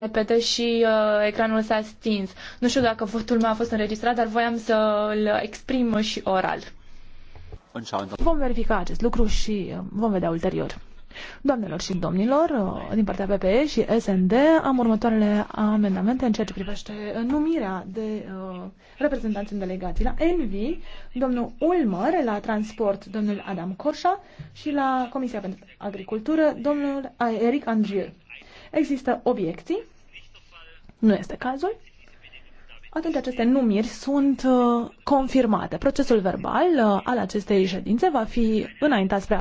repede și uh, ecranul s-a stins. Nu știu dacă votul meu a fost înregistrat, dar voiam să îl exprim și oral. Vom verifica acest lucru și uh, vom vedea ulterior. Doamnelor și domnilor, uh, din partea PPE și SND, am următoarele amendamente în ceea ce privește numirea de uh, reprezentanți în delegații la ENVI, domnul Ulmer, la transport, domnul Adam Corșa și la Comisia pentru Agricultură, domnul Eric Andrieu. Există obiecții? Nu este cazul? Atunci aceste numiri sunt uh, confirmate. Procesul verbal uh, al acestei ședințe va fi înaintat spre